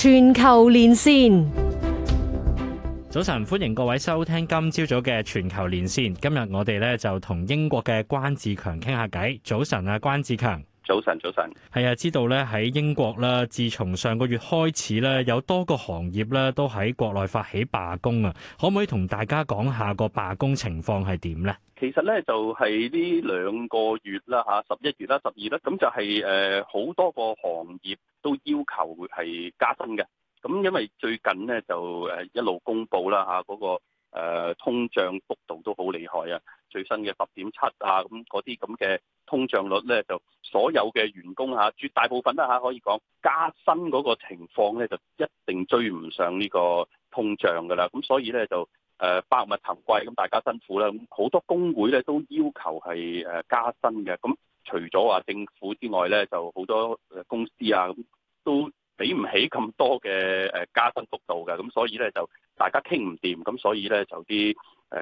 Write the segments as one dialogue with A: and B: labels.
A: 全球連線，早晨，歡迎各位收聽今朝早嘅全球連線。今日我哋咧就同英國嘅關志強傾下偈。早晨啊，關志強。
B: 早晨，早晨，
A: 係啊，知道咧喺英國啦。自從上個月開始咧，有多個行業咧都喺國內發起罷工啊，可唔可以同大家講下個罷工情況係點咧？
B: 其實咧就係呢兩個月啦，嚇十一月啦、十二月啦，咁就係誒好多個行業都要求係加薪嘅，咁因為最近咧就誒一路公佈啦嚇嗰個。誒通脹幅度都好厲害啊！最新嘅十點七啊，咁嗰啲咁嘅通脹率呢，就所有嘅員工嚇、啊、絕大部分啦、啊、嚇可以講加薪嗰個情況呢，就一定追唔上呢個通脹㗎啦。咁所以呢，就誒、呃、百物騰貴，咁大家辛苦啦。咁好多工會呢，都要求係誒加薪嘅。咁除咗話政府之外呢，就好多公司啊咁都，俾唔起咁多嘅誒加薪幅度嘅，咁所以咧就大家傾唔掂，咁所以咧就啲誒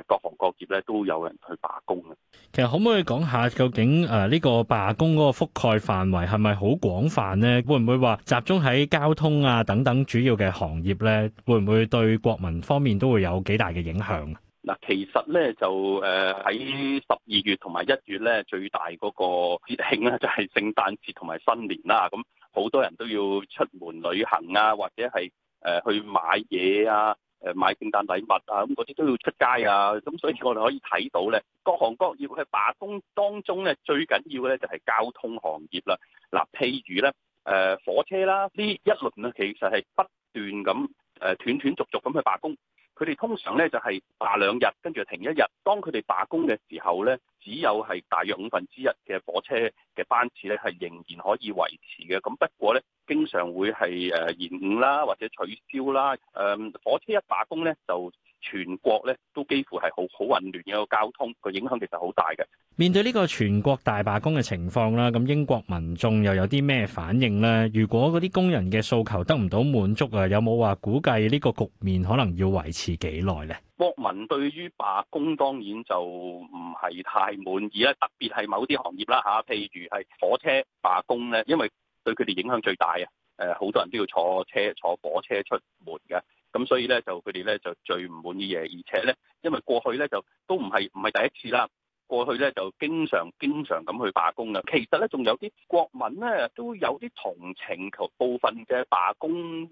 B: 各行各業咧都有人去罷工
A: 啊。其實可唔可以講下究竟誒呢個罷工嗰個覆蓋範圍係咪好廣泛咧？會唔會話集中喺交通啊等等主要嘅行業咧？會唔會對國民方面都會有幾大嘅影響？
B: 嗱，其實咧就誒喺十二月同埋一月咧最大嗰個節慶咧就係聖誕節同埋新年啦，咁。好多人都要出門旅行啊，或者係誒去買嘢啊，誒買聖誕禮物啊，咁嗰啲都要出街啊，咁所以我哋可以睇到呢，各行各業去罷工當中呢，最緊要呢就係交通行業啦。嗱、啊，譬如呢，誒、啊、火車啦，呢一輪呢，其實係不斷咁誒、啊、斷斷續續咁去罷工。佢哋通常咧就係、是、罷兩日，跟住停一日。當佢哋打工嘅時候咧，只有係大約五分之一嘅火車嘅班次咧係仍然可以維持嘅。咁不過咧。經常會係誒延誤啦，或者取消啦。誒、嗯、火車一罷工呢，就全國咧都幾乎係好好混亂嘅交通，個影響其實好大嘅。
A: 面對呢個全國大罷工嘅情況啦，咁英國民眾又有啲咩反應呢？如果嗰啲工人嘅訴求得唔到滿足啊，有冇話估計呢個局面可能要維持幾耐呢？
B: 國民對於罷工當然就唔係太滿意啦，特別係某啲行業啦吓，譬、啊、如係火車罷工呢，因為對佢哋影響最大啊！誒、呃，好多人都要坐車、坐火車出門嘅，咁所以呢，就佢哋呢就最唔滿意嘅。而且呢，因為過去呢，就都唔係唔係第一次啦，過去呢，就經常經常咁去罷工嘅。其實呢，仲有啲國民呢，都有啲同情求部分嘅罷工誒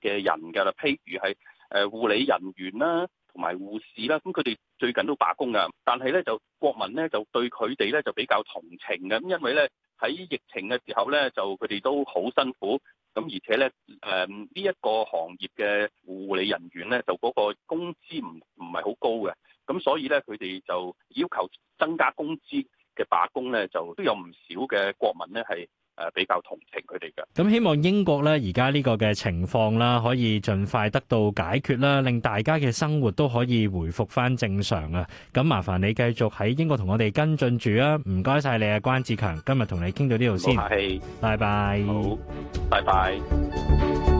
B: 嘅人㗎啦。譬如係誒護理人員啦，同埋護士啦，咁佢哋最近都罷工㗎。但係呢，就國民呢，就對佢哋呢就比較同情嘅。咁因為呢，喺疫情嘅時候呢，就佢哋都好辛苦，咁而且呢，誒呢一個行業嘅護理人員呢，就嗰個工資唔唔係好高嘅，咁所以呢，佢哋就要求增加工資嘅罷工呢，就都有唔少嘅國民呢係，誒，比較同情佢
A: 哋嘅。咁希望英國呢而家呢個嘅情況啦，可以盡快得到解決啦，令大家嘅生活都可以回復翻正常啊。咁麻煩你繼續喺英國同我哋跟進住啊。唔該晒你啊，關志強。今日同你傾到呢度先。拜拜。好，拜拜 bye。